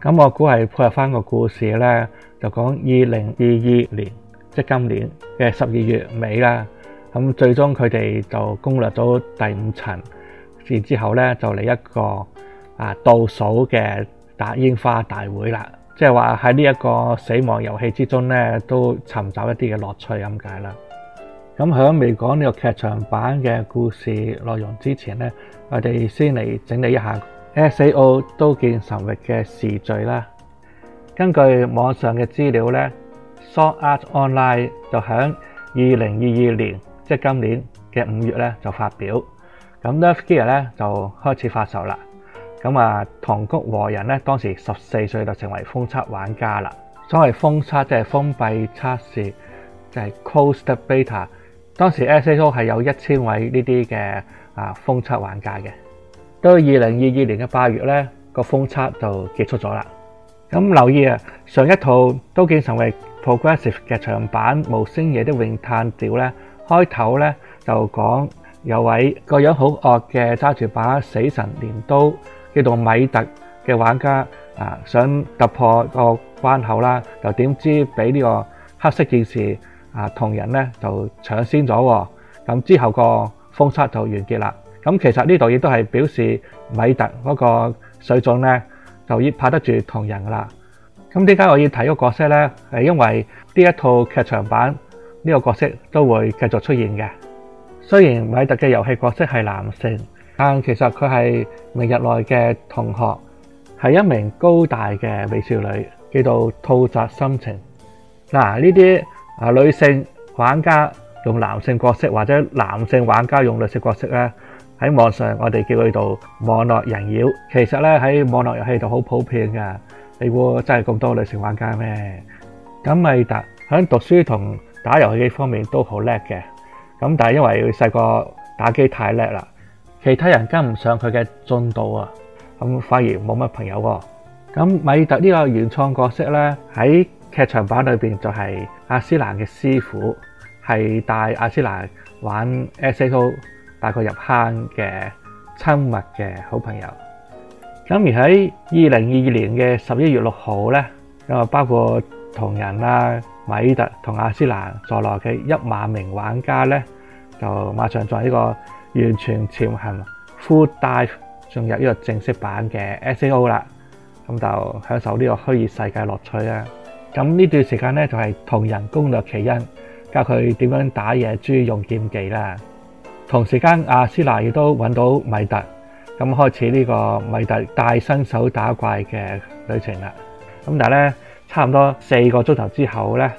咁我估係配合翻個故事呢，就講二零二二年，即今年嘅十二月尾啦。咁最終佢哋就攻略咗第五層，然之後呢就嚟一個啊倒數嘅打煙花大會啦。即係話喺呢一個死亡遊戲之中呢，都尋找一啲嘅樂趣咁解啦。咁喺未講呢個劇場版嘅故事內容之前呢，我哋先嚟整理一下。SAO 刀劍神域嘅時序啦。根據網上嘅資料咧，Sword Art Online 就響二零二二年，即係今年嘅五月咧就發表。咁 NerveGear 咧就開始發售啦。咁啊，唐谷和人咧當時十四歲就成為封測玩家啦。所謂封測即係封閉測試，就係 Closed Beta。當時 SAO 係有一千位呢啲嘅啊封測玩家嘅。到二零二二年嘅八月咧，個封測就結束咗啦。咁留意啊，上一套刀劍神域 Progressive 嘅長版《無星夜的詠嘆調》咧，開頭咧就講有位個樣好惡嘅揸住把死神鐮刀叫做米特嘅玩家啊，想突破個關口啦，就點知俾呢個黑色劍士啊同人咧就搶先咗。咁之後個封測就完結啦。咁其實呢度亦都係表示米特嗰個水準呢，就已拍得住同人啦。咁點解我要睇個角色呢？係因為呢一套劇場版呢個角色都會繼續出現嘅。雖然米特嘅遊戲角色係男性，但其實佢係明日內嘅同學，係一名高大嘅美少女，叫做兔澤心情。嗱，呢啲啊女性玩家用男性角色，或者男性玩家用女性角色呢。喺網上，我哋叫佢做網絡人妖。其實咧喺網絡遊戲度好普遍噶。你估真係咁多女性玩家咩？咁米特喺讀書同打遊戲呢方面都好叻嘅。咁但係因為佢細個打機太叻啦，其他人跟唔上佢嘅進度啊，咁反而冇乜朋友喎。咁米特呢個原創角色咧，喺劇場版裏邊就係阿斯蘭嘅師傅，係帶阿斯蘭玩 SAO。帶佢入坑嘅親密嘅好朋友，咁而喺二零二二年嘅十一月六號咧，咁啊包括《桐人》啊、米特同亞斯蘭在內嘅一萬名玩家咧，就馬上作為呢個完全潛行 （full dive） 進入呢個正式版嘅 S A O 啦，咁就享受呢個虛擬世界樂趣啦。咁呢段時間咧就係《桐人》攻略奇恩，教佢點樣打野豬用劍技啦。同時間，阿斯娜亦都揾到米特，咁開始呢個米特帶新手打怪嘅旅程啦。咁但係咧，差唔多四個鐘頭之後咧，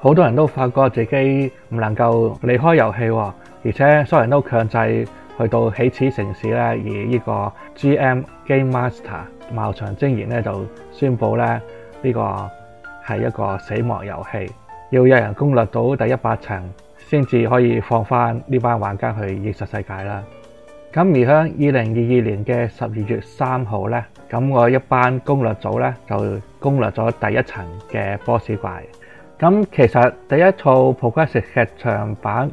好多人都發覺自己唔能夠離開遊戲，哦，而且所有人都強制去到起始城市咧。而呢個 G.M. Game Master 茅場晶彥咧就宣布咧，呢、呢個係一個死亡遊戲，要有人攻略到第一百層。先至可以放翻呢班玩家去現實世界啦。咁而喺二零二二年嘅十二月三號呢，咁我一班攻略組呢，就攻略咗第一層嘅波士怪。咁其實第一套《Progressive 劇場版：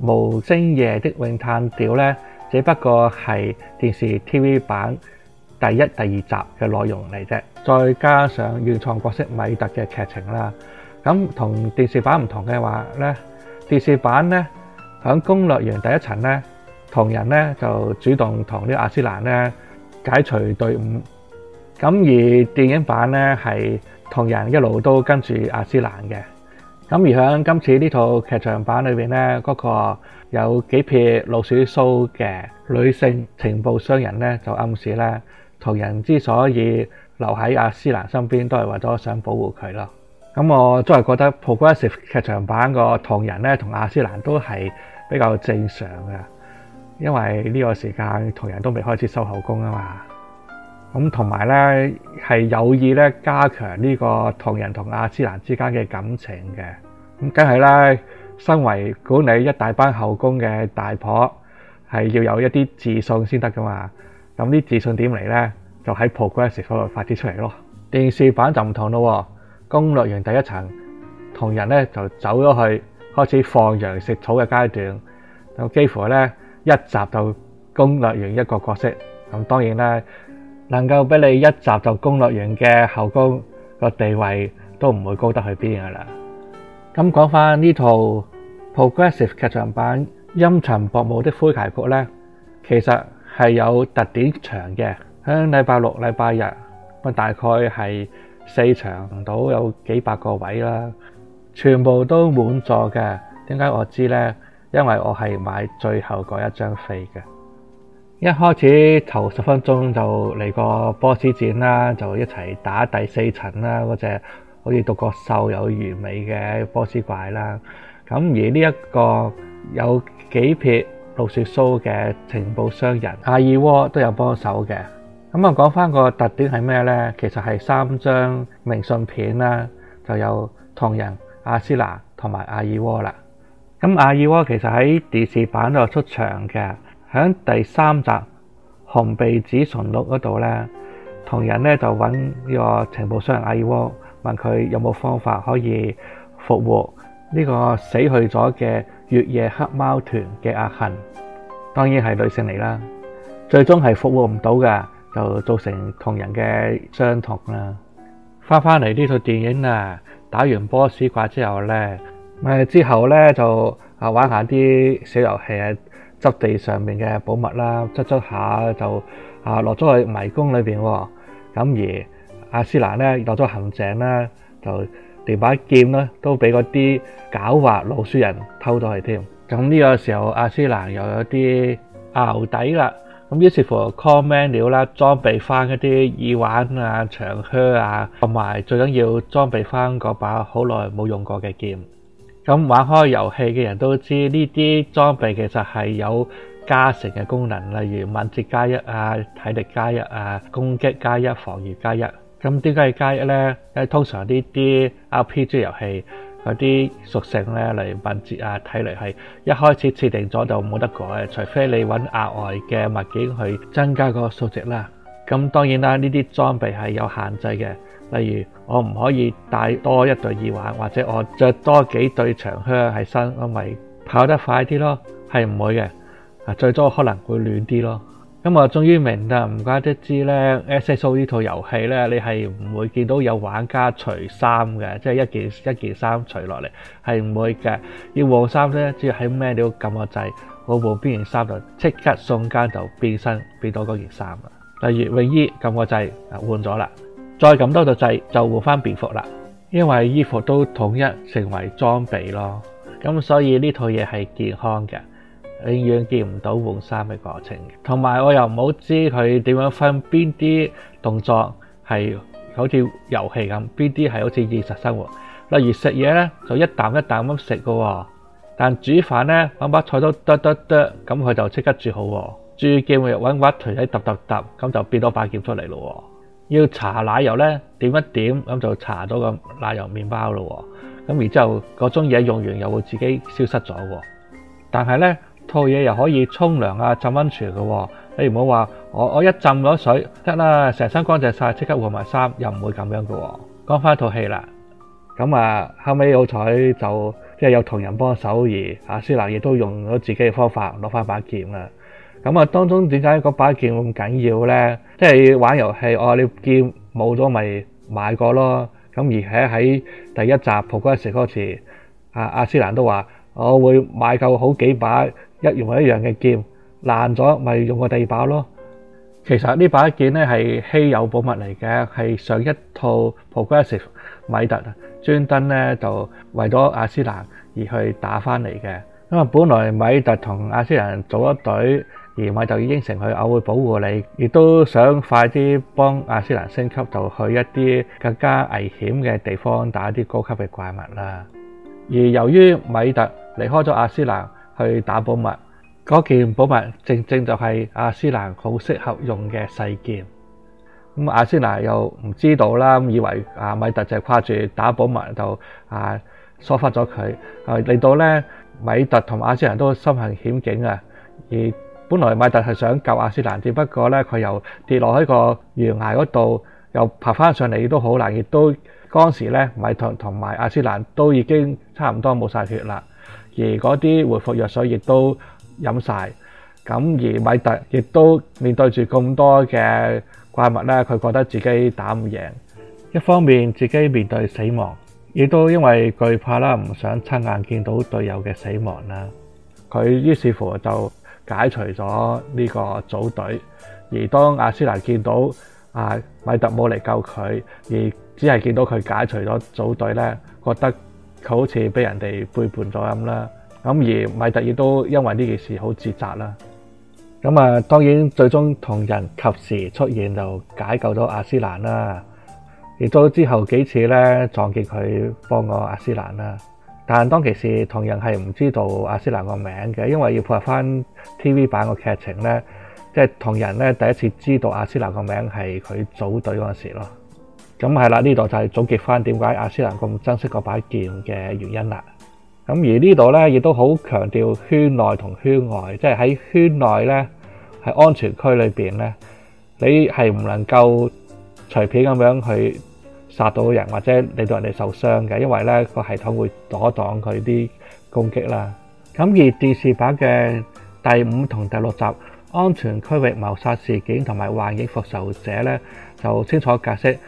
無星夜的詠嘆調》呢，只不過係電視 T V 版第一、第二集嘅內容嚟啫。再加上原創角色米特嘅劇情啦，咁同電視版唔同嘅話呢。電視版咧，喺攻略完第一層咧，桐人咧就主動同呢亞斯蘭咧解除隊伍。咁而電影版咧係桐人一路都跟住亞斯蘭嘅。咁而喺今次呢套劇場版裏邊咧，嗰個有幾撇老鼠鬚嘅女性情報商人咧，就暗示咧桐人之所以留喺亞斯蘭身邊，都係為咗想保護佢咯。咁我都係覺得 Progressive 劇場版個唐人咧同亞斯蘭都係比較正常嘅，因為呢個時間唐人都未開始收後宮啊嘛。咁同埋咧係有意咧加強呢個唐人同亞斯蘭之間嘅感情嘅。咁梗係啦，身為管理一大班後宮嘅大婆，係要有一啲自信先得噶嘛。咁啲自信點嚟咧？就喺 Progressive 嗰度發展出嚟咯。電視版就唔同咯。攻略完第一層，同人咧就走咗去開始放羊食草嘅階段，就幾乎咧一集就攻略完一個角色。咁當然啦，能夠俾你一集就攻略完嘅後宮個地位，都唔會高得去邊噶啦。咁講翻呢套 Progressive 劇場版《陰沉薄暮的詼諧曲》咧，其實係有特典場嘅。響禮拜六、禮拜日，我大概係。四場到有幾百個位啦，全部都滿座嘅。點解我知呢？因為我係買最後嗰一張飛嘅。一開始頭十分鐘就嚟個波士戰啦，就一齊打第四層啦，嗰隻好似獨角獸有魚尾嘅波士怪啦。咁而呢一個有幾撇綠雪鬚嘅情報商人阿爾窩都有幫手嘅。咁啊，講翻個特點係咩呢？其實係三張明信片啦，就有桐人、亞絲娜同埋亞魯戈啦。咁亞魯戈其實喺電視版度出場嘅，喺第三集《紅鼻子馴鹿》嗰度呢，桐人呢就揾呢個情報商人亞魯戈問佢有冇方法可以復活呢個死去咗嘅月夜黑貓團嘅阿痕，當然係女性嚟啦。最終係復活唔到㗎。就造成同人嘅傷痛啦。翻翻嚟呢套電影啊，打完波士怪之後呢，咪之後呢，就啊玩下啲小遊戲啊，執地上面嘅寶物啦，執執下就啊落咗去迷宮裏邊喎。咁而阿斯蘭呢，落咗陷阱啦，就連把劍咧都俾嗰啲狡猾老鼠人偷咗去添。咁呢個時候阿斯蘭又有啲拗底啦。於是乎，command 料啦，裝備翻嗰啲耳環啊、長靴啊，同埋最緊要裝備翻嗰把好耐冇用過嘅劍。咁玩開遊戲嘅人都知道，呢啲裝備其實係有加成嘅功能，例如敏捷加一啊、體力加一啊、攻擊加一、防禦加一。咁點解要加一呢？因為通常呢啲 RPG 遊戲。有啲屬性咧嚟敏捷啊，睇嚟係一開始設定咗就冇得改，除非你揾額外嘅物件去增加個數值啦。咁當然啦，呢啲裝備係有限制嘅。例如我唔可以帶多一對耳環，或者我着多幾對長靴喺身，我咪跑得快啲咯，係唔會嘅。啊，最多可能會暖啲咯。咁我終於明啦，唔怪得知咧《S.S.O》呢套遊戲咧，你係唔會見到有玩家除衫嘅，即係一件一件衫除落嚟，係唔會嘅。要換衫咧，只要喺咩 e 要 u 撳個掣，我部邊件衫就即刻瞬間就變身變到嗰件衫啦。例如泳衣撳個掣換換咗啦，再撳多個掣就換翻蝙服啦。因為衣服都統一成為裝備咯，咁所以呢套嘢係健康嘅。你永遠見唔到換衫嘅過程，同埋我又唔好知佢點樣分邊啲動作係好似遊戲咁，邊啲係好似現實生活。例如食嘢咧，就一啖一啖咁食嘅喎。但煮飯咧，揾把菜刀剁剁剁，咁佢就即刻煮好喎、哦。煮嘅話，揾把鎚仔揼揼揼，咁就變咗把劍出嚟咯、哦。要搽奶油咧，點一點，咁就搽咗個奶油麵包咯、哦。咁然之後，嗰種嘢用完又會自己消失咗、哦。但係咧～套嘢又可以沖涼啊，浸溫泉嘅喎。你唔好話我，我一浸咗水得啦，成身乾淨晒，即刻換埋衫又唔會咁樣嘅喎。講返套戲啦，咁啊後尾好彩就即係有同人幫手，而阿斯蘭亦都用咗自己嘅方法攞翻把劍啦。咁啊當中點解嗰把劍咁緊要咧？即係玩遊戲，我話你劍冇咗咪買過咯。咁而且喺第一集蒲嗰時嗰時，阿阿斯蘭都話：我會買夠好幾把。一用一嘅劍爛咗，咪用個第二把咯。其實呢把劍咧係稀有寶物嚟嘅，係上一套 Progressive 米特專登咧就為咗阿斯蘭而去打翻嚟嘅。因為本來米特同阿斯蘭組一隊，而米特就應承佢我會保護你，亦都想快啲幫阿斯蘭升級，就去一啲更加危險嘅地方打啲高級嘅怪物啦。而由於米特離開咗阿斯蘭。去打寶物，嗰件寶物正正就係亞斯蘭好適合用嘅細劍。咁亞斯蘭又唔知道啦，咁以為啊米特就係掛住打寶物就啊疏忽咗佢，啊嚟到咧米特同埋亞斯蘭都身陷險境啊。而本來米特係想救亞斯蘭，只不過咧佢又跌落喺個懸崖嗰度，又爬返上嚟都好難，亦都當時咧米特同埋亞斯蘭都已經差唔多冇晒血啦。而嗰啲回復藥水亦都飲晒，咁而米特亦都面對住咁多嘅怪物咧，佢覺得自己打唔贏，一方面自己面對死亡，亦都因為懼怕啦，唔想親眼見到隊友嘅死亡啦，佢於是乎就解除咗呢個組隊。而當阿斯蘭見到阿米特冇嚟救佢，而只係見到佢解除咗組隊咧，覺得，佢好似俾人哋背叛咗咁啦，咁而米特爾都因為呢件事好自責啦。咁啊，當然最終同人及時出現就解救咗阿斯蘭啦。而到咗之後幾次呢，撞見佢幫過阿斯蘭啦。但當其時同人係唔知道阿斯蘭個名嘅，因為要配合翻 TV 版個劇情呢。即係同人呢，第一次知道阿斯蘭個名係佢組隊嗰時咯。咁係啦，呢度就係總結翻點解阿斯蘭咁珍惜個把劍嘅原因啦。咁而呢度呢，亦都好強調圈內同圈外，即係喺圈內呢係安全區裏邊呢，你係唔能夠隨便咁樣去殺到人或者令到人哋受傷嘅，因為呢個系統會阻擋佢啲攻擊啦。咁而電視版嘅第五同第六集《安全區域謀殺事件》同埋《幻影復仇者》呢，就清楚解釋。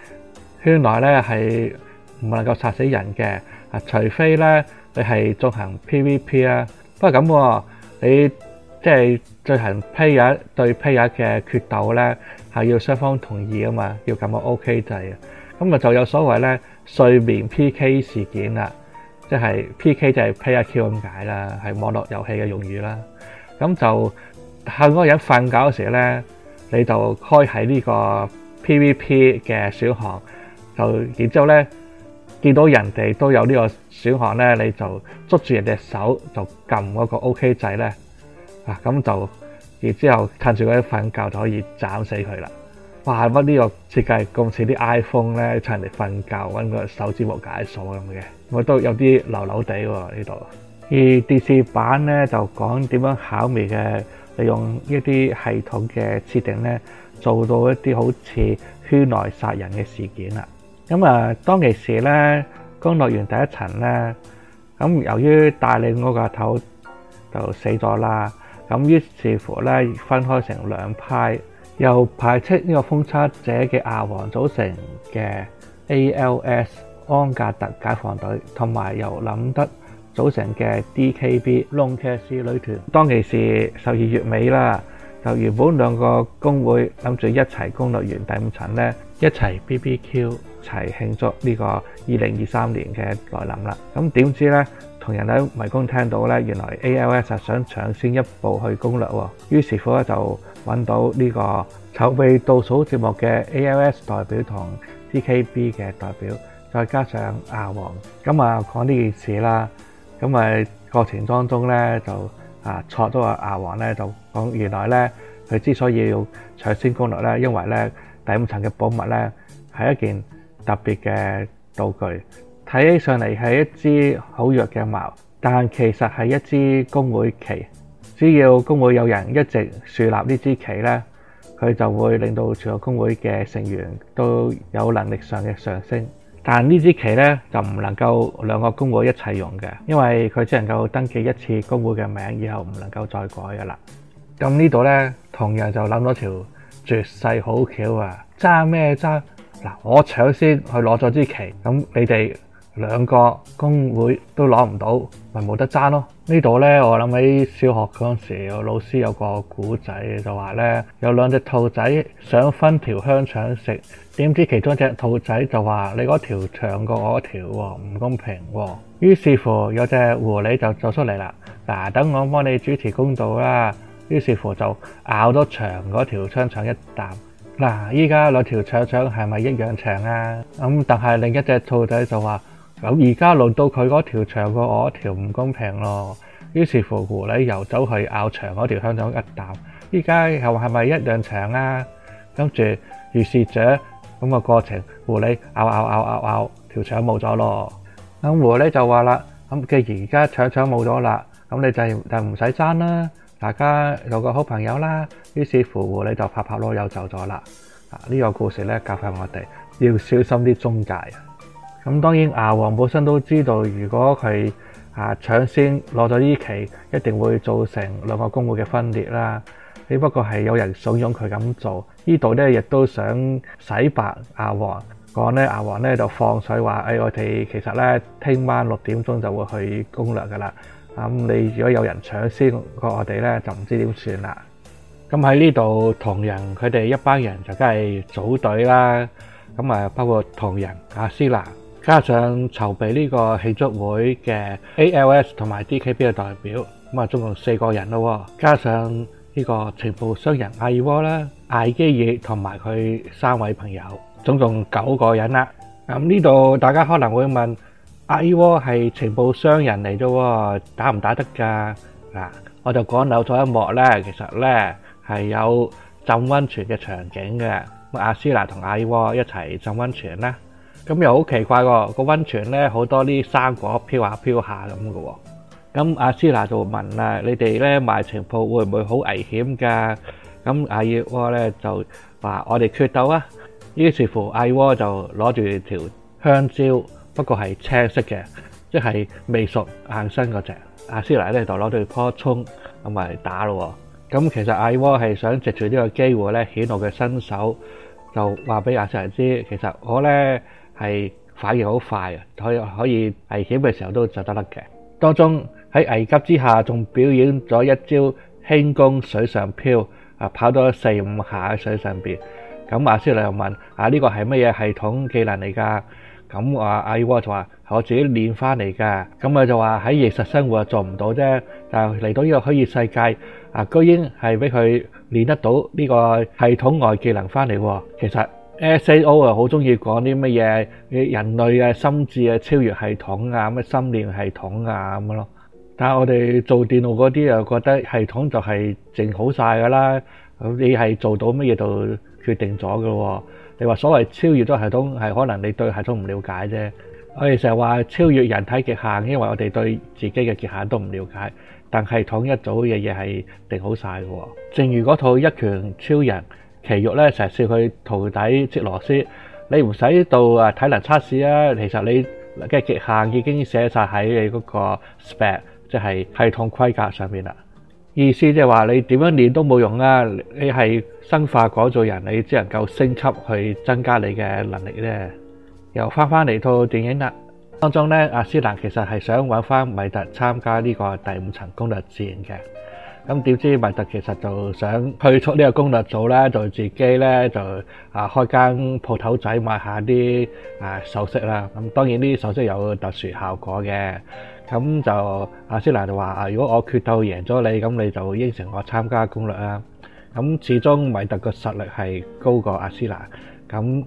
圈內咧係唔能夠殺死人嘅，啊除非咧你係進行 PVP 啦。不過咁喎，啊，你即係進行 player 對 player 嘅決鬥咧，係要雙方同意啊嘛，要咁嘅 OK 制啊。咁啊就有所謂咧睡眠 PK 事件啦，即係 PK 就係 player kill 咁解啦，係網絡遊戲嘅用語啦，咁就喺嗰個人瞓覺嘅時候咧，你就開喺呢個 PVP 嘅小行。就然之後咧，見到人哋都有呢個選項咧，你就捉住人哋手就撳嗰個 OK 掣咧，啊咁就然之後趁住佢瞓覺就可以斬死佢啦！哇，乜、這個、呢個設計咁似啲 iPhone 咧，趁人哋瞓覺搵個手指模解鎖咁嘅，我都有啲流流地喎呢度。而電視版咧就講點樣巧妙嘅利用一啲系統嘅設定咧，做到一啲好似圈內殺人嘅事件啦。咁啊，當其時咧，攻略完第一層咧，咁由於大領嗰個頭就死咗啦，咁於是乎咧，分開成兩派，由派出呢個封差者嘅亞王組成嘅 A.L.S. 安格特解放隊，同埋由林德組成嘅 D.K.B. 龍騎士旅團。當其時十二月尾啦，就原本兩個工會公會諗住一齊攻略完第五層咧。一齊 BBQ，一齊慶祝呢個二零二三年嘅來臨啦。咁點知咧，同人喺迷宮聽到咧，原來 ALS 係想搶先一步去攻略喎。於是乎咧，就揾到呢個籌備倒數節目嘅 ALS 代表同 TKB 嘅代表，再加上阿黃，咁啊講呢件事啦。咁啊過程當中咧，就啊坐咗阿黃咧，就講原來咧，佢之所以要搶先攻略咧，因為咧。第五層嘅寶物咧，係一件特別嘅道具，睇起上嚟係一支好弱嘅矛，但其實係一支公會旗。只要公會有人一直樹立呢支旗咧，佢就會令到所有公會嘅成員都有能力上嘅上升。但呢支旗咧就唔能夠兩個公會一齊用嘅，因為佢只能夠登記一次公會嘅名，以後唔能夠再改噶啦。咁呢度咧，同樣，就諗咗條。絕世好巧啊！爭咩爭？嗱，我搶先去攞咗支旗，咁你哋兩個公會都攞唔到，咪冇得爭咯。呢度呢，我諗起小學嗰陣時，老師有個古仔，就話呢：「有兩隻兔仔想分條香腸食，點知其中一隻兔仔就話：你嗰條長過我條喎，唔公平喎、哦。於是乎有隻狐狸就走出嚟啦，嗱、啊，等我幫你主持公道啦。於是乎就咬多長嗰條腸腸一啖。嗱，依家兩條腸腸係咪一樣長啊？咁但係另一隻兔仔就話：咁而家輪到佢嗰條長過我條唔公平咯。於是乎狐狸又走去咬長嗰條腸腸一啖。依家又係咪一樣長啊？跟住如是者咁個過程，狐狸咬咬咬咬咬,咬,咬條腸冇咗咯。咁狐狸就話啦：咁既然而家腸腸冇咗啦，咁你就就唔使爭啦。大家有個好朋友啦，於是乎你就拍拍籮柚走咗啦。啊，呢個故事咧教訓我哋要小心啲中介。咁當然阿黃本身都知道，如果佢啊搶先攞咗呢期，一定會造成兩個公會嘅分裂啦。只不過係有人慫恿佢咁做，呢度咧亦都想洗白阿黃，講咧阿黃咧就放水話，誒、哎，我哋其實咧聽晚六點鐘就會去攻略噶啦。咁你如果有人搶先過我哋咧就唔知點算啦。咁喺呢度，桐人佢哋一班人就梗係組隊啦。咁啊，包括桐人亞絲娜，加上籌備呢個慶祝會嘅 ALS 同埋 DKB 嘅代表，咁啊，總共四個人咯。加上呢個情報商人亞魯戈啦、艾基爾同埋佢三位朋友，總共九個人啦。咁呢度大家可能會問。艾窩係情報商人嚟啫，打唔打得噶？嗱，我就講漏咗一幕咧，其實咧係有浸温泉嘅場景嘅。阿斯娜同艾窩一齊浸温泉啦，咁又好奇怪喎。個温泉咧好多啲生果飄下飄下咁嘅。咁阿斯娜就問啦：你哋咧賣情報會唔會好危險噶？咁艾窩咧就話：我哋決鬥啊。於是乎，艾窩就攞住條香蕉。不過係青色嘅，即係未熟硬身嗰隻。阿斯拿咧就攞對波葱咁埋打咯。咁其實艾沃係想藉住呢個機會咧，顯露佢身手，就話俾阿斯拿知，其實我咧係反應好快啊，可以可以危險嘅時候都走得甩嘅。當中喺危急之下，仲表演咗一招輕功水上漂，啊跑到四五下喺水上邊。咁阿斯拿又問：啊呢個係乜嘢系統技能嚟㗎？咁啊，阿 U 就話係我自己練翻嚟嘅。咁佢就話喺現實生活做唔到啫，但係嚟到呢個虛擬世界啊，居然係俾佢練得到呢個系統外技能翻嚟喎。其實 SAO 啊，好中意講啲乜嘢，人類嘅心智啊，超越系統啊，乜心念系統啊咁樣咯。但係我哋做電腦嗰啲又覺得系統就係淨好曬噶啦，咁你係做到乜嘢就決定咗噶咯。你話所謂超越咗系統，係可能你對系統唔了解啫。我哋成日話超越人體極限，因為我哋對自己嘅極限都唔了解。但系統一早嘅嘢係定好晒嘅喎。正如嗰套一拳超人，埼玉咧成日笑佢徒弟積羅斯，你唔使到啊體能測試啊。其實你嘅極限已經寫晒喺你嗰個 spec，即係系統規格上面啦。意思即係話你點樣練都冇用啦，你係生化改造人，你只能夠升級去增加你嘅能力咧。又翻翻嚟套電影啦，當中咧阿斯蘭其實係想搵翻米特參加呢個第五層攻略戰嘅。咁點知米特其實就想退出呢個攻略組咧，就自己咧就啊開間鋪頭仔賣下啲啊首飾啦。咁當然呢啲首飾有特殊效果嘅。咁就阿斯娜就話，如果我決鬥贏咗你，咁你就應承我參加攻略啦。咁始終米特個實力係高過阿斯娜，咁米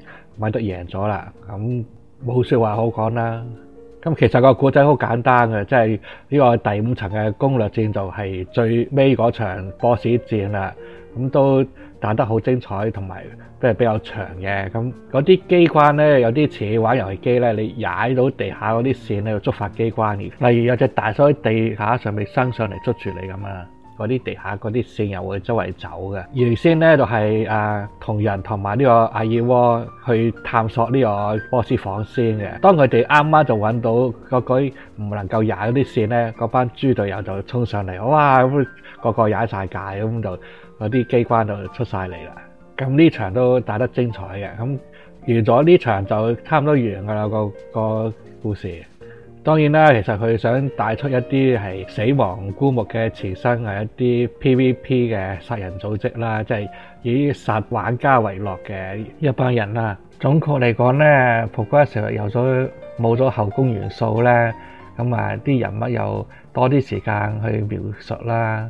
特贏咗啦，咁冇說話好講啦。咁其實個古仔好簡單嘅，即係呢個第五層嘅攻略戰就係最尾嗰場波士戰啦。咁都打得好精彩，同埋都係比較長嘅。咁嗰啲機關咧，有啲似玩遊戲機咧，你踩到地下嗰啲線咧，就觸發機關嘅。例如有隻大手喺地下上面伸上嚟捉住你咁啊，嗰啲地下嗰啲線又會周圍走嘅。而先線咧就係桐人同埋呢個阿爾戈去探索呢個波斯房先嘅。當佢哋啱啱就搵到嗰舉唔能夠踩嗰啲線咧，嗰班豬隊友就衝上嚟，哇咁個個踩晒界咁就～嗰啲機關就出晒嚟啦，咁呢場都打得精彩嘅，咁完咗呢場就差唔多完噶啦，個、嗰個故事。當然啦，其實佢想帶出一啲係死亡孤木嘅前身，係一啲 PVP 嘅殺人組織啦，即係以殺玩家為樂嘅一班人啦。總括嚟講呢，蒲哥成日有咗冇咗後宮元素呢。咁啊啲人物又多啲時間去描述啦。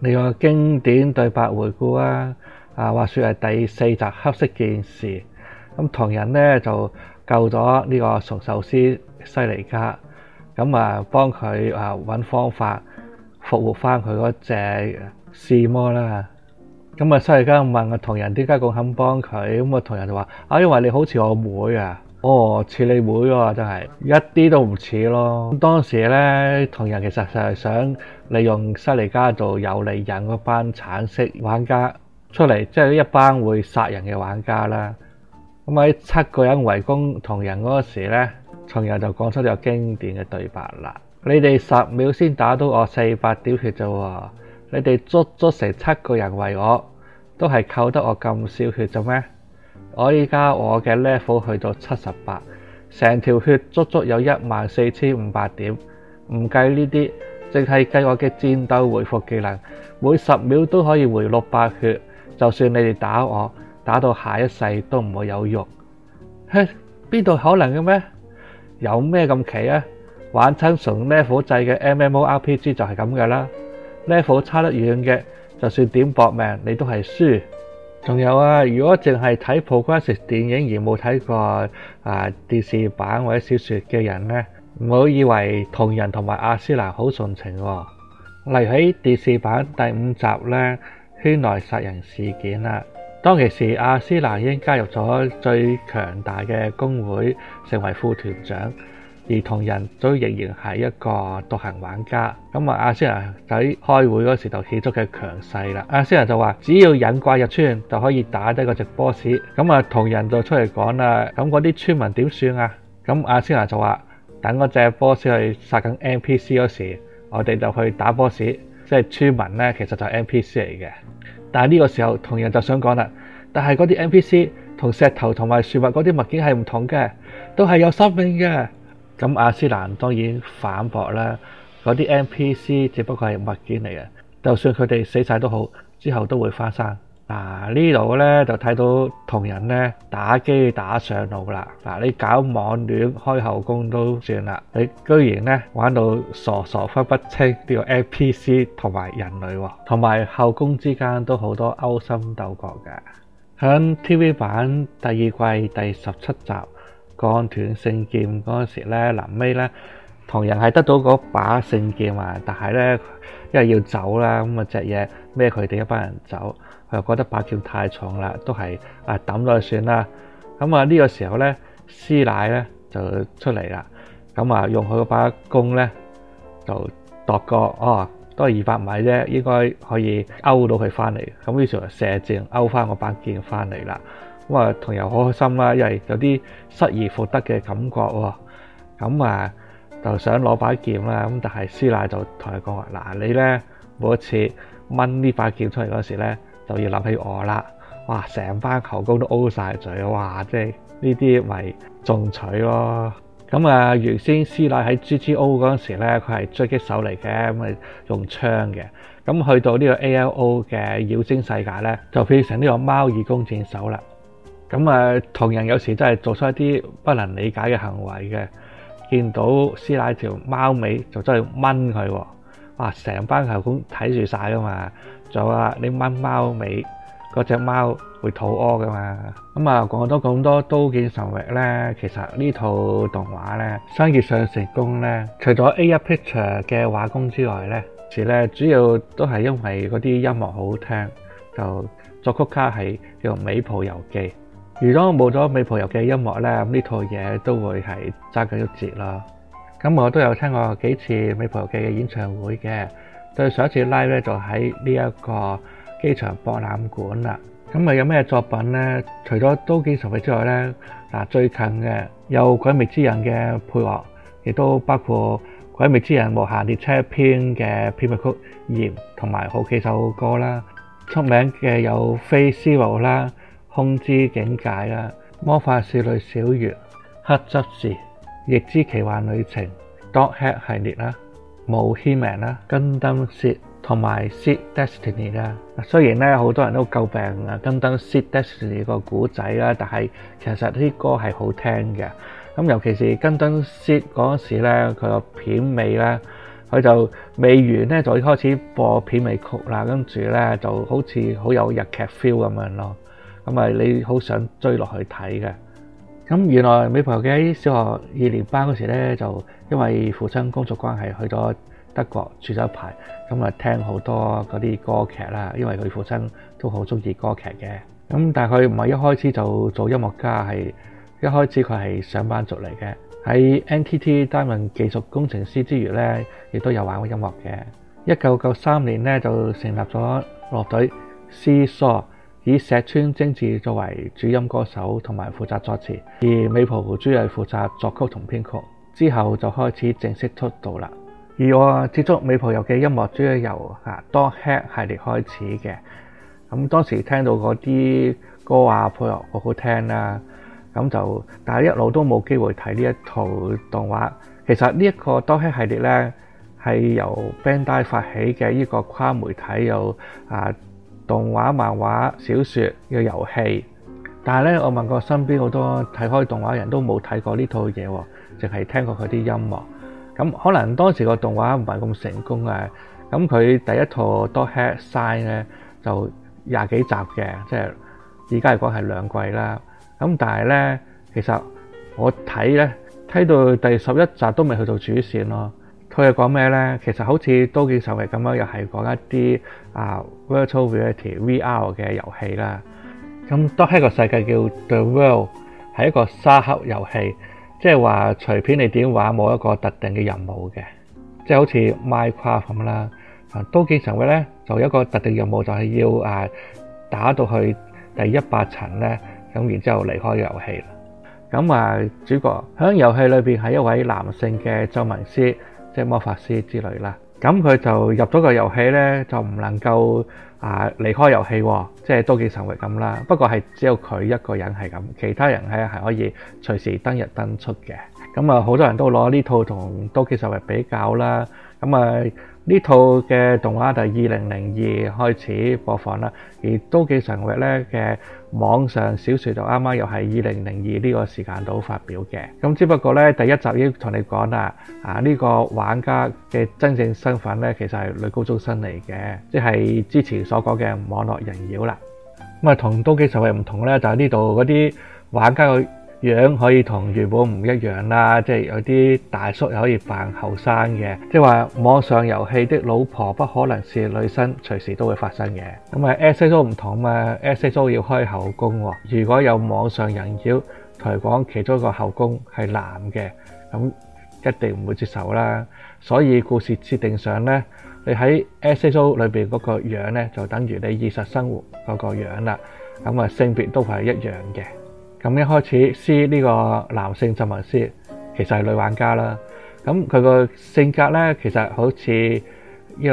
呢個經典對白回顧啊！啊，話説係第四集《黑色劍士》。咁桐人咧就救咗呢個熟壽司西尼加，咁啊幫佢啊揾方法復活翻佢嗰隻屍魔啦。咁啊西尼加問個桐人點解咁肯幫佢，咁啊桐人就話：，啊，因為你好似我妹啊！哦，似你妹喎，啊，真係一啲都唔似咯。當時咧，桐人其實就係想利用西利加做誘餌，引嗰班橙色玩家出嚟，即係一班會殺人嘅玩家啦。咁喺七個人圍攻桐人嗰時咧，桐人就講出咗經典嘅對白啦：，你哋十秒先打到我四百點血啫，你哋捉咗成七個人圍我，都係扣得我咁少血啫咩？我依家我嘅 level 去到七十八，成條血足足有一萬四千五百點，唔計呢啲，淨係計我嘅戰鬥回復技能，每十秒都可以回六百血。就算你哋打我，打到下一世都唔會有用。嘿，邊度可能嘅咩？有咩咁奇啊？玩親純 level 制嘅 M M O R P G 就係咁噶啦，level 差得遠嘅，就算點搏命，你都係輸。仲有啊！如果淨係睇《Progressive》電影而冇睇過啊電視版或者小說嘅人呢，唔好以為桐人同埋亞絲娜好純情喎，哦。例如喺電視版第五集呢，圈內殺人事件啦。當其時，亞絲娜已經加入咗最強大嘅公會，成為副團長。而同人都仍然係一個獨行玩家，咁啊，阿先人喺開會嗰時就起足嘅強勢啦。阿先人就話：只要引怪入村就可以打低嗰隻 boss。咁啊，同人就出嚟講啦。咁嗰啲村民點算啊？咁阿先人就話：等嗰隻 boss 去殺緊 npc 嗰時候，我哋就去打 boss。即係村民咧，其實就係 npc 嚟嘅。但係呢個時候，同人就想講啦，但係嗰啲 npc 同石頭同埋樹木嗰啲物件係唔同嘅，都係有生命嘅。咁亞斯蘭當然反駁啦，嗰啲 NPC 只不過係物件嚟嘅，就算佢哋死曬都好，之後都會返生。嗱，呢度咧就睇到同人咧打機打上腦啦，嗱，你搞網戀開後宮都算啦，你居然咧玩到傻傻分不清呢個 NPC 同埋人類，同埋後宮之間都好多勾心鬥角嘅。喺 TV 版第二季第十七集。鋼斷聖劍嗰陣時咧，臨尾咧，唐人係得到嗰把聖劍啊，但係咧，因為要走啦，咁啊隻嘢孭佢哋一班人走，佢又覺得把劍太重啦，都係啊抌咗就算啦。咁啊呢個時候咧，師奶咧就出嚟啦，咁啊用佢嗰把弓咧就度過，哦都係二百米啫，應該可以勾到佢翻嚟。咁於是就射箭勾翻嗰把劍翻嚟啦。咁啊，同人好開心啦，因為有啲失而復得嘅感覺喎。咁啊，就想攞把劍啦。咁但係師奶就同佢講話：嗱、啊，你咧每一次掹呢把劍出嚟嗰時咧，就要諗起我啦。哇！成班球工都 O 晒嘴，哇！即係呢啲咪中取咯。咁啊，原先師奶喺 G G O 嗰陣時咧，佢係狙擊手嚟嘅，咁用槍嘅。咁去到呢個 A L O 嘅妖精世界咧，就變成呢個貓耳弓箭手啦。咁啊，同人有時真係做出一啲不能理解嘅行為嘅，見到師奶條貓尾就真係掹佢喎！哇，成班球工睇住晒㗎嘛，仲話你掹貓尾，嗰隻貓會肚屙㗎嘛。咁啊，講咗咁多刀劍神域咧，其實呢套動畫咧，商業上成功咧，除咗 A1 picture 嘅畫工之外咧，其實咧主要都係因為嗰啲音樂好聽，就作曲家係用梶浦由記。如果冇咗《梶浦由記》音樂咧，咁呢套嘢都會係揸緊咗一截咯。咁我都有聽過幾次《梶浦由記》嘅演唱會嘅，對上一次 live 咧就喺呢一個機場博覽館啦。咁啊有咩作品咧？除咗《刀劍神域》之外咧，嗱最近嘅有《鬼滅之刃》嘅配樂，亦都包括《鬼滅之刃無限列車篇》嘅片尾曲《炎》，同埋好幾首歌啦。出名嘅有《Faceville》啦。空之境界啦，魔法少女小月、黑執事、翼之奇幻旅程、dot hack 系列啦、冇簽名啦、Gundam Seed 同埋《Seed Destiny》啦。雖然咧好多人都詬病啊《Gundam Seed Destiny》個古仔啦，但係其實啲歌係好聽嘅。咁尤其是時候《Gundam Seed 嗰時咧，佢個片尾咧，佢就未完咧，就開始播片尾曲啦，跟住咧就好似好有日劇 feel 咁樣咯。咁啊，你好想追落去睇嘅。咁原來梶浦由記喺小學二年班嗰時咧，就因為父親工作關係去咗德國住咗一排。咁啊，聽好多嗰啲歌劇啦，因為佢父親都好中意歌劇嘅。咁但係佢唔係一開始就做音樂家，係一開始佢係上班族嚟嘅。喺 NTT 擔任技術工程師之餘咧，亦都有玩過音樂嘅。一九九三年咧就成立咗樂隊 See-Saw 以石川智晶作為主音歌手同埋負責作詞，而梶浦由記負責作曲同編曲，之後就開始正式出道啦。而我接觸梶浦由記嘅音樂，主要由啊 .hack 系列開始嘅。咁當時聽到嗰啲歌啊，配樂好好聽啦、啊，咁就但係一路都冇機會睇呢一套動畫。其實呢、這、一個 .hack 系列呢，係由 Bandai 發起嘅呢個跨媒體有啊。動畫、漫畫、小説嘅遊戲，但係咧，我問過身邊好多睇開動畫人都冇睇過呢套嘢喎，淨係聽過佢啲音樂。咁可能當時個動畫唔係咁成功嘅。咁佢第一套《.hack//SIGN》咧就廿幾集嘅，即係而家嚟講係兩季啦。咁但係咧，其實我睇咧睇到第十一集都未去到主線咯。佢係講咩咧？其實好似《刀劍神域》咁樣，又係講一啲啊 Virtual Reality VR 嘅遊戲啦。咁都係一個世界叫 The World，係一個沙盒遊戲，即係話隨便你點玩，冇一個特定嘅任務嘅，即係好似 Minecraft 咁啦。啊，呢《刀劍神域》咧就有一個特定任務就，就係要啊打到去第一百層咧，咁然之後離開遊戲啦。咁啊，主角喺遊戲裏面係一位男性嘅咒文師。即係魔法師之類啦，咁佢就入咗個遊戲咧，就唔能夠啊離開遊戲，即係《多機神域刀劍神域》咁啦。不過係只有佢一個人係咁，其他人咧係可以隨時登入登入出登入登出嘅。咁啊，好多人都攞呢套同《多機神域刀劍神域》比較啦。咁啊～呢套嘅動畫就係二零零二開始播放啦，而《刀劍神域》咧嘅網上小說就啱啱又係二零零二呢個時間度發表嘅。咁只不過咧，第一集已經同你講啦，啊呢個玩家嘅真正身份咧，其實係女高中生嚟嘅，即係之前所講嘅網絡人妖啦。咁啊，同《刀劍神域》唔同咧，就喺呢度嗰啲玩家嘅樣可以同原本唔一樣啦，即係有啲大叔可以扮後生嘅，即係話網上遊戲的老婆不可能是女生，隨時都會發生嘅。咁啊，SAO 唔同嘛，SAO 要開後宮喎。如果有網上人妖抬講其中一個後宮係男嘅，咁一定唔會接受啦。所以故事設定上咧，你喺 SAO 裏邊嗰個樣咧，就等於你現實生活嗰個樣啦。咁啊，性別都係一樣嘅。咁一開始，獅呢個男性執迷獅其實係女玩家啦。咁佢個性格咧，其實好似呢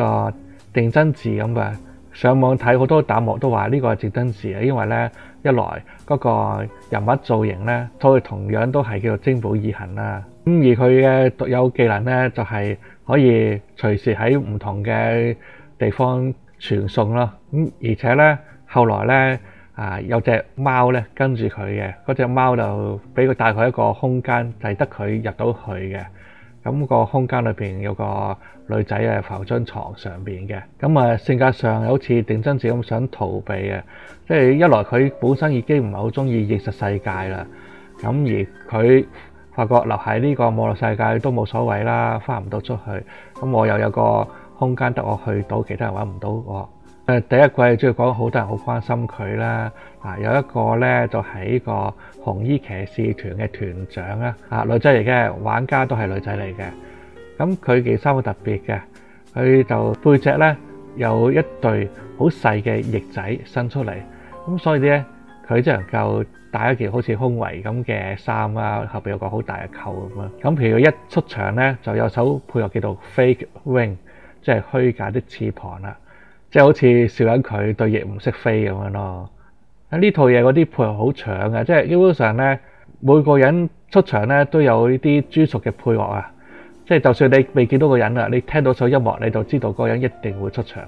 個碇真嗣咁嘅。上網睇好多彈幕都話呢個係碇真嗣啊，因為咧一來嗰個人物造型咧，都係同樣都係叫做貞本義行啦。咁而佢嘅獨有技能咧，就係可以隨時喺唔同嘅地方傳送啦。咁而且咧，後來咧。啊！有隻貓咧跟住佢嘅，嗰隻貓就俾佢帶佢一個空間，就係得佢入到去嘅。咁個空間裏邊有個女仔啊，浮喺張牀上邊嘅。咁啊，性格上又好似定真子咁想逃避嘅，即係一來佢本身已經唔係好中意現實世界啦。咁而佢發覺留喺呢個網絡世界都冇所謂啦，翻唔到出去。咁我又有個空間得我去到，其他人揾唔到我。誒，第一季主要講好多人好關心佢啦。嗱，有一個咧就係呢個紅衣騎士團嘅團長啦，啊，女仔嚟嘅，玩家都係女仔嚟嘅。咁佢件衫好特別嘅，佢就背脊咧有一對好細嘅翼仔伸出嚟。咁所以咧，佢只能夠戴一件好似胸圍咁嘅衫啦，後邊有個好大嘅扣咁樣。咁譬如佢一出場咧，就有手配合叫做 fake wing，即係虛假的翅膀啦。即係好似笑緊佢對翼唔識飛咁樣咯。啊，呢套嘢嗰啲配樂好搶嘅，即係基本上咧每個人出場咧都有呢啲專屬嘅配樂啊。即係就算你未見到個人啦，你聽到首音樂你就知道嗰個人一定會出場。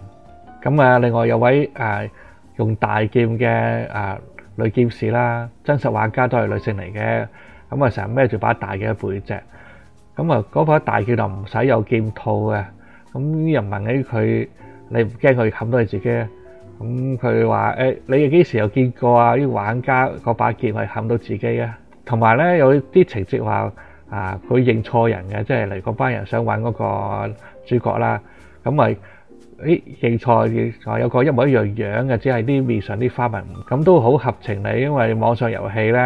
咁啊，另外有位誒用大劍嘅誒女劍士啦，真實玩家都係女性嚟嘅。咁啊，成日孭住把大劍背脊。咁啊，嗰把大劍就唔使有劍套嘅。咁有人問起佢。你唔驚佢冚到你自己啊？咁佢話誒，你幾時又見過啊？啲玩家個把劍係冚到自己嘅。同埋咧有啲情節話啊，佢認錯人嘅，即係嚟嗰班人想揾嗰個主角啦，咁咪誒認錯，話有個一模一樣樣嘅，只係啲面上啲花紋，咁都好合情理，因為網上遊戲咧，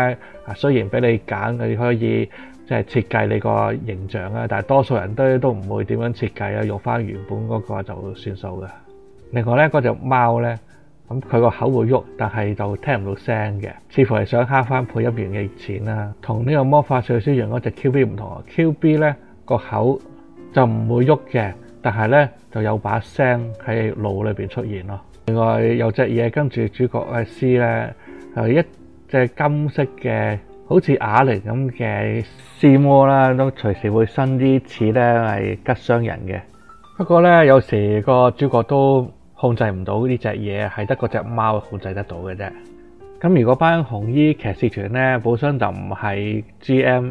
啊雖然俾你揀，你可以。即係設計你個形象啊，但係多數人都都唔會點樣設計啊，用翻原本嗰個就算數嘅。另外咧，嗰隻貓咧，咁佢個口會喐，但係就聽唔到聲嘅，似乎係想慳翻配音員嘅錢啦。同呢個魔法小說入邊嗰隻 QB 唔同啊，QB 咧個口就唔會喐嘅，但係咧就有把聲喺腦裏邊出現咯。另外有隻嘢跟住主角嘅 C 咧，係一隻金色嘅。好似瓦力咁嘅斯魔啦，都隨時會生啲刺咧，係 𠝹 傷人嘅。不過咧，有時個主角都控制唔到呢隻嘢，係得嗰隻貓控制得到嘅啫。咁如果班紅衣騎士團咧，本身就唔係 G.M，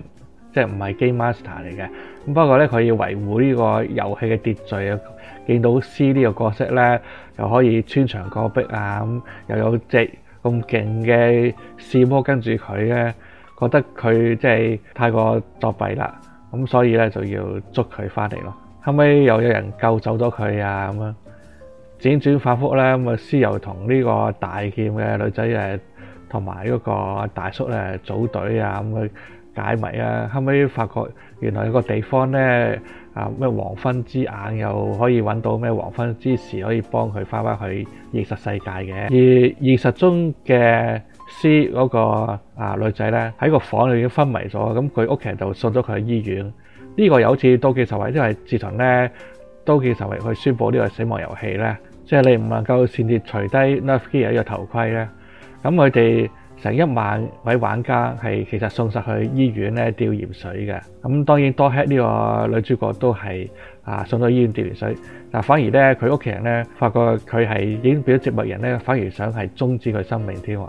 即係唔係 Game Master 嚟嘅。咁不過咧，佢要維護呢個遊戲嘅秩序啊。見到斯呢個角色咧，又可以穿牆過壁啊，咁又有隻咁勁嘅斯魔跟住佢咧。覺得佢即係太過作弊啦，咁所以咧就要捉佢翻嚟咯。後尾又有人救走咗佢啊，咁樣輾轉，轉反覆咧，咁啊師又同呢個大劍嘅女仔誒，同埋嗰個大叔誒組隊啊，咁去解謎啊。後尾發覺原來個地方咧啊咩黃昏之眼又可以揾到咩黃昏之時可以幫佢翻返去現實世界嘅。而現實中嘅。嗰個啊女仔咧喺個房度已經昏迷咗，咁佢屋企人就送咗佢去醫院。呢個又好似多幾十位，因為自從咧多幾十位去宣佈呢個死亡遊戲咧，即係你唔能夠擅自除低 NerveGear 呢個頭盔咧，咁佢哋成一萬位玩家係其實送曬去醫院咧吊鹽水嘅。咁當然多 Head 呢個女主角都係啊送咗去醫院吊鹽水，但反而咧佢屋企人咧發覺佢係已經變咗植物人咧，反而想係終止佢生命添喎。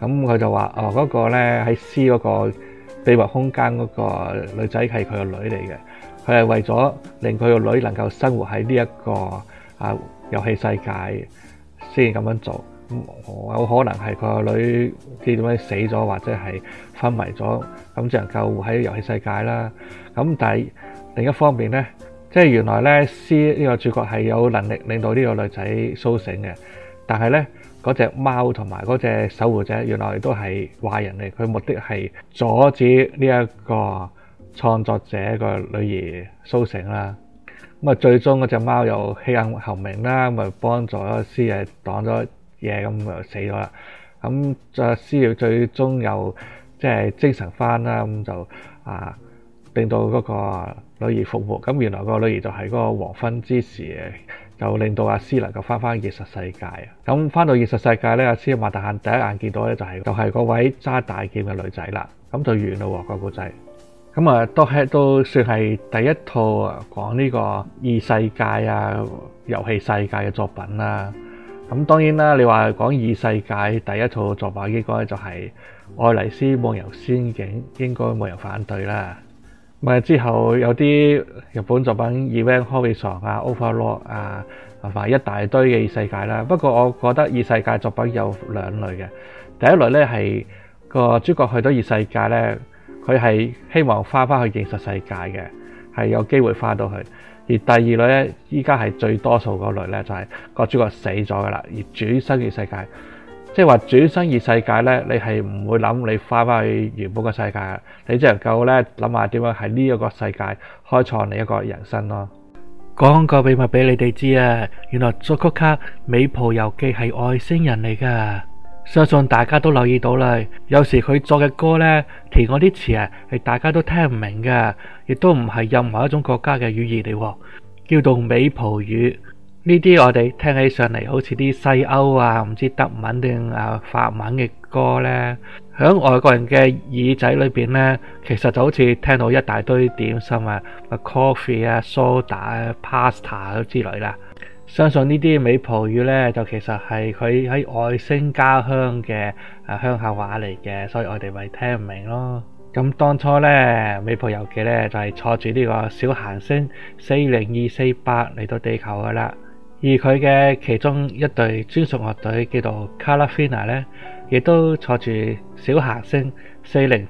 咁佢就話，哦，嗰個咧，喺 C 嗰個秘密空間嗰個女仔係佢個女嚟嘅，佢係為咗令佢個女能夠生活喺呢一個啊遊戲世界先咁樣做。咁有可能係佢個女點樣死咗或者係昏迷咗，咁就能夠活喺遊戲世界啦。咁但係另一方面咧，即係原來咧，C 呢個主角係有能力令到呢個女仔甦醒嘅，但係咧。嗰隻貓同埋嗰隻守護者，原來都係壞人嚟，佢目的係阻止呢一個創作者個女兒蘇醒啦。咁啊，最終嗰隻貓又棄暗投明啦，咁啊幫助師爺擋咗嘢，咁就，就死咗啦。咁再師爺最終又即係精神翻啦，咁就啊令到嗰個女兒復活。咁原來個女兒就係嗰個黃昏之時。就令到阿斯能夠翻翻現實世界啊！咁翻到現實世界咧，阿斯啊嘛，馬第一眼見到咧就係就係嗰位揸大劍嘅女仔啦。咁就完咯喎，嗰個故仔。咁啊，都係都算係第一套講呢個異世界啊、遊戲世界嘅作品啦。咁當然啦，你話講異世界第一套作品應該就係《愛麗絲夢遊仙境》，應該冇人反對啦。咪之後有啲日本作品《e v e n t h o r r o n 啊，《Overlord》啊，同埋一大堆嘅異世界啦。不過我覺得異世界作品有兩類嘅，第一類咧係個主角去到異世界咧，佢係希望翻翻去現實世界嘅，係有機會翻到去。而第二類咧，依家係最多數嗰類咧，就係、是、個主角死咗噶啦，而轉生異世界。即係話轉生異世界呢，你係唔會諗你翻翻去原本個世界，你只能夠呢，諗下點樣喺呢一個世界開創你一個人生咯。講個秘密俾你哋知啊，原來作曲家梶浦由記係外星人嚟噶。相信大家都留意到啦，有時佢作嘅歌呢，填嗰啲詞啊，係大家都聽唔明嘅，亦都唔係任何一種國家嘅語言嚟，叫做梶浦語。呢啲我哋聽起上嚟好似啲西歐啊，唔知德文定啊法文嘅歌咧，響外國人嘅耳仔裏邊咧，其實就好似聽到一大堆點心啊、啊 coffee 啊、soda 啊、pasta 之類啦。相信呢啲梶浦語咧，就其實係佢喺外星家鄉嘅啊鄉下話嚟嘅，所以我哋咪聽唔明咯。咁當初咧梶浦由記咧就係坐住呢個小行星四零二四八嚟到地球噶啦。而佢嘅其中一隊專屬樂隊叫做卡拉菲娜咧，亦都坐住小行星40775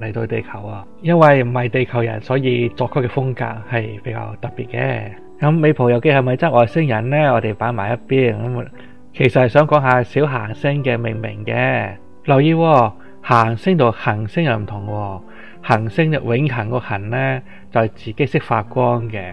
嚟到地球啊！因為唔係地球人，所以作曲嘅風格係比較特別嘅。咁梶浦由記係咪真外星人呢？我哋擺埋一邊，其實係想講下小行星嘅命名嘅。留意、哦，行星同恆星又唔同、哦。恆星嘅永恆個恆咧，就係自己識發光嘅。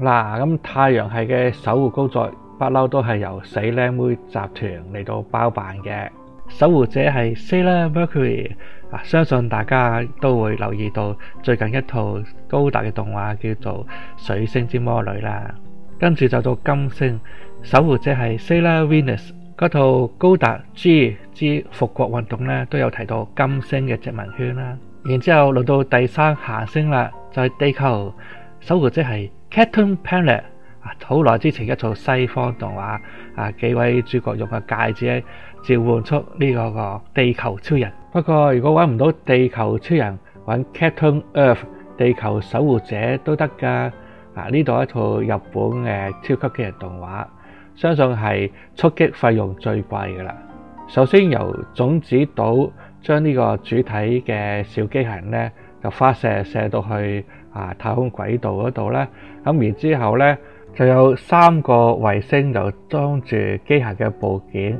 嗱，咁太陽系嘅守護工作不嬲都係由死靚妹集團嚟到包辦嘅。守護者係 Sailor Mercury，啊，相信大家都會留意到最近一套高達嘅動畫叫做《水星之魔女》啦。跟住就到金星，守護者係 Sailor Venus，嗰套高達 G 之復國運動咧都有提到金星嘅殖民圈啦。然之後輪到第三行星啦，就係地球，守護者係 Captain Planet 啊，好耐之前一套西方動畫啊，幾位主角用個戒指咧召喚出呢個個地球超人。不過如果搵唔到地球超人，搵 Captain Earth 地球守護者都得噶。啊，呢度一套日本嘅超級機器人動畫，相信係出擊費用最貴噶啦。首先由種子島將呢個主體嘅小機器人咧就發射射到去，啊！太空軌道嗰度呢，咁、嗯、然之後呢，就有三個衛星就裝住機械嘅部件，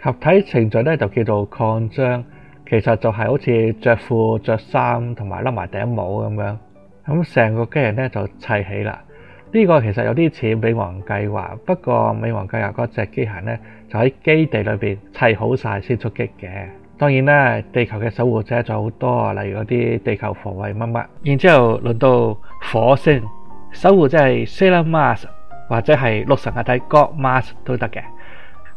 合體程序呢就叫做擴張，其實就係好似着褲、着衫同埋笠埋頂帽咁樣，咁、嗯、成個機械呢就砌起啦。呢、這個其實有啲似美王計劃，不過美王計劃嗰隻機械呢就喺基地裏邊砌好晒先出擊嘅。當然啦，地球嘅守護者仲有好多，例如嗰啲地球防衛乜乜。然之後輪到火星守護者係 Sailor Mars，或者係六神合體 God Mars 都得嘅。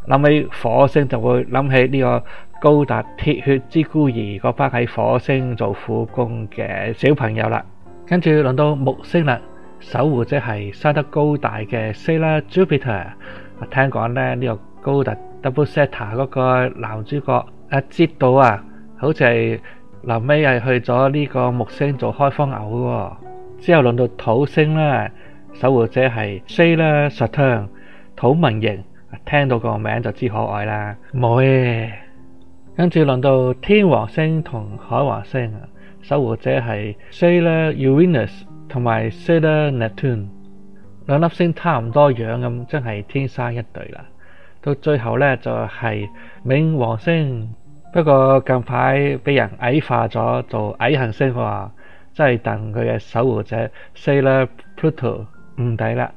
諗起火星就會諗起呢個高達鐵血之孤兒嗰班喺火星做苦工嘅小朋友啦。跟住輪到木星啦，守護者係生得高大嘅 Sailor Jupiter。聽講咧，呢個高達 Double Zeta 嗰個男主角。啊！接到啊，好似係臨尾係去咗呢個木星做開荒牛喎。之後輪到土星啦，守護者係 Sailor Saturn，土文型，聽到個名就知可愛啦。冇嘢。跟住輪到天王星同海王星啊，守護者係 Sailor Uranus 同埋 Sailor Neptune，兩粒星差唔多樣咁，真係天生一對啦。到最後咧就係冥王星。不過近排俾人矮化咗，做矮行星話，真係等佢嘅守護者 Sailor Pluto 唔抵啦。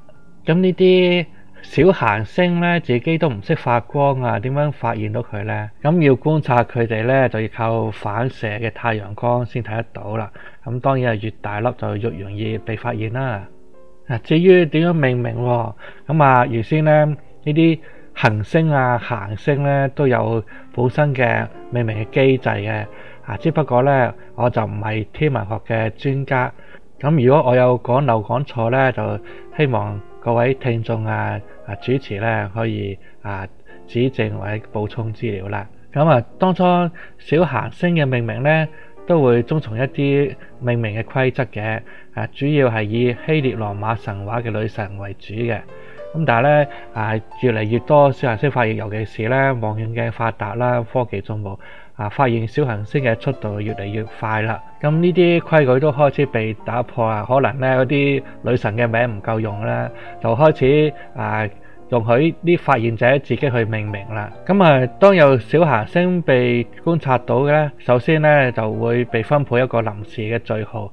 咁呢啲小行星咧，自己都唔識發光啊，點樣發現到佢呢？咁要觀察佢哋咧，就要靠反射嘅太陽光先睇得到啦。咁當然係越大粒就越容易被發現啦。至於點樣命名、啊，咁啊原先咧呢啲。行星啊，行星咧都有本身嘅命名嘅機制嘅，啊，只不過咧我就唔係天文學嘅專家，咁如果我有講漏講錯咧，就希望各位聽眾啊、啊主持咧可以啊指正或者補充資料啦。咁啊，當初小行星嘅命名咧都會遵從一啲命名嘅規則嘅，啊，主要係以希臘羅馬神話嘅女神為主嘅。咁但係咧，啊，越嚟越多小行星發現，尤其是咧望遠鏡發達啦，科技進步啊，發現小行星嘅速度越嚟越快啦。咁呢啲規矩都開始被打破啦，可能咧嗰啲女神嘅名唔夠用啦，就開始啊容許啲發現者自己去命名啦。咁啊，當有小行星被觀察到嘅咧，首先咧就會被分配一個臨時嘅序號。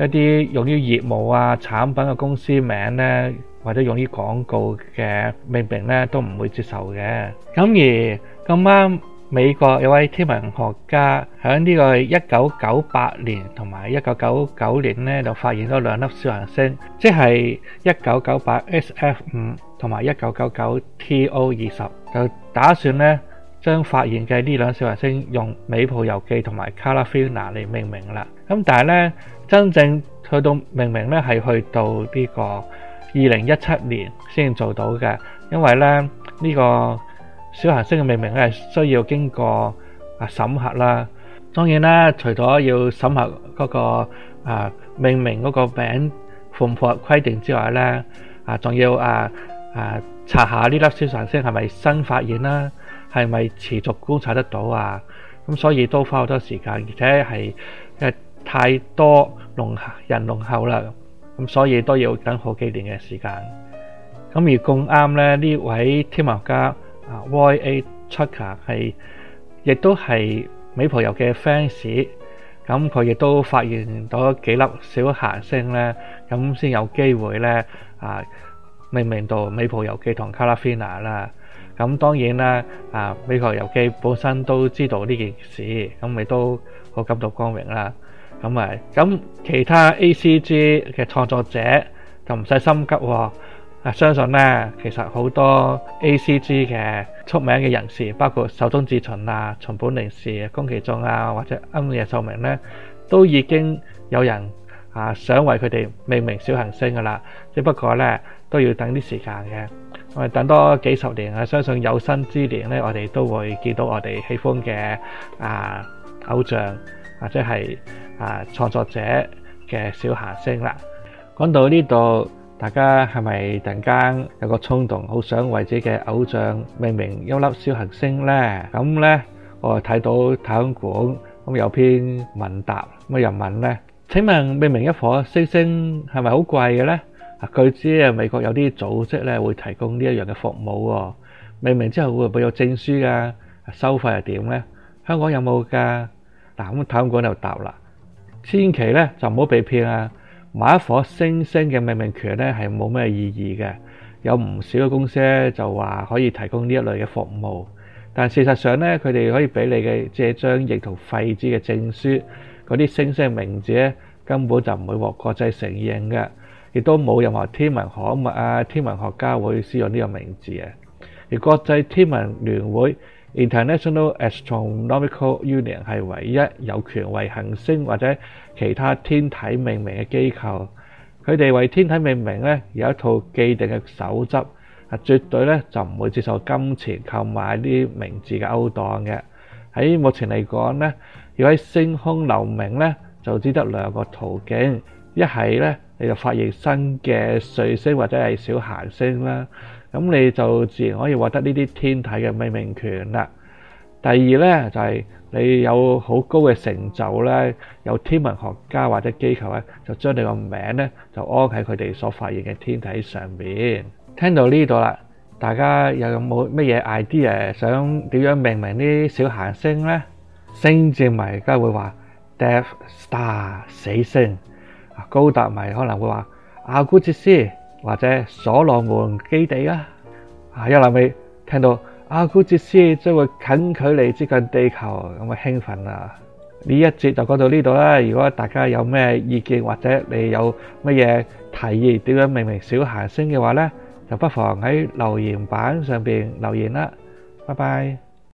一啲用於業務啊產品嘅公司名咧，或者用於廣告嘅命名咧，都唔會接受嘅。咁而咁啱美國有位天文學家喺呢個一九九八年同埋一九九九年咧，就發現咗兩粒小行星，即係一九九八 S F 五同埋一九九九 T O 二十，就打算咧將發現嘅呢兩小行星用美普遊記同埋卡拉菲納嚟命名啦。咁但係咧。真正去到命名咧，係去到呢個二零一七年先做到嘅，因為咧呢個小行星嘅命名咧係需要經過啊審核啦。當然啦，除咗要審核嗰個啊命名嗰個名符唔符合規定之外咧，啊仲要啊啊查下呢粒小行星係咪新發現啦，係咪持續觀察得到啊？咁所以都花好多時間，而且係。一。太多濃人濃厚啦，咁所以都要等好幾年嘅時間。咁而咁啱咧，呢位天文家啊，Y A Chucker 係亦都係《梶浦由記》fans，咁佢亦都發現到幾粒小行星咧，咁先有機會咧啊，命名到《梶浦由記》同 Kalafina 啦。咁當然啦，啊《梶浦由記》本身都知道呢件事，咁你都好感到光榮啦。咁咪咁其他 A.C.G 嘅創作者就唔使心急喎。啊，相信呢，其實好多 A.C.G 嘅出名嘅人士，包括手塚治蟲啊、松本零士、宮崎駿啊，或者庵野秀明呢，都已經有人啊想為佢哋命名小行星㗎喇。只不過呢都要等啲時間嘅，我哋等多幾十年啊。相信有生之年呢，我哋都會見到我哋喜歡嘅啊偶像或者係。啊！創作者嘅小行星啦，講到呢度，大家係咪突然間有個衝動，好想為自己嘅偶像命名一粒小行星呢？咁呢，我睇到《太空館》咁有篇問答，咁啊又問呢：請問命名一顆星星係咪好貴嘅呢？據知啊，美國有啲組織咧會提供呢一樣嘅服務喎。命名之後會唔會有證書㗎？收費係點呢？香港有冇㗎？嗱，咁《太空館》就答啦。千祈咧就唔好被騙啊！買一顆星星嘅命名權咧係冇咩意義嘅，有唔少嘅公司咧就話可以提供呢一類嘅服務，但事實上咧佢哋可以俾你嘅即係張亦同廢紙嘅證書，嗰啲星星嘅名字咧根本就唔會獲國際承認嘅，亦都冇任何天文刊物啊天文學家會使用呢個名字嘅，而國際天文聯會。International Astronomical Union 係唯一有權為行星或者其他天體命名嘅機構。佢哋為天體命名咧有一套既定嘅守則，係絕對咧就唔會接受金錢購買啲名字嘅勾當嘅。喺目前嚟講咧，要喺星空留名咧就只得兩個途徑，一係咧你就發現新嘅彗星或者係小行星啦。咁你就自然可以獲得呢啲天體嘅命名權啦。第二咧就係、是、你有好高嘅成就咧，有天文學家或者機構咧，就將你個名咧就安喺佢哋所發現嘅天體上面。聽到呢度啦，大家又有冇乜嘢 idea 想點樣命名啲小行星咧？星戰迷梗係會話 Death Star 死星，高達迷可能會話阿古哲斯。或者所羅門基地啊！啊，有冇聽到阿古哲斯將會近距離接近地球咁啊興奮啊！呢一節就講到呢度啦。如果大家有咩意見或者你有乜嘢提議點樣命名小行星嘅話呢，就不妨喺留言板上邊留言啦。拜拜。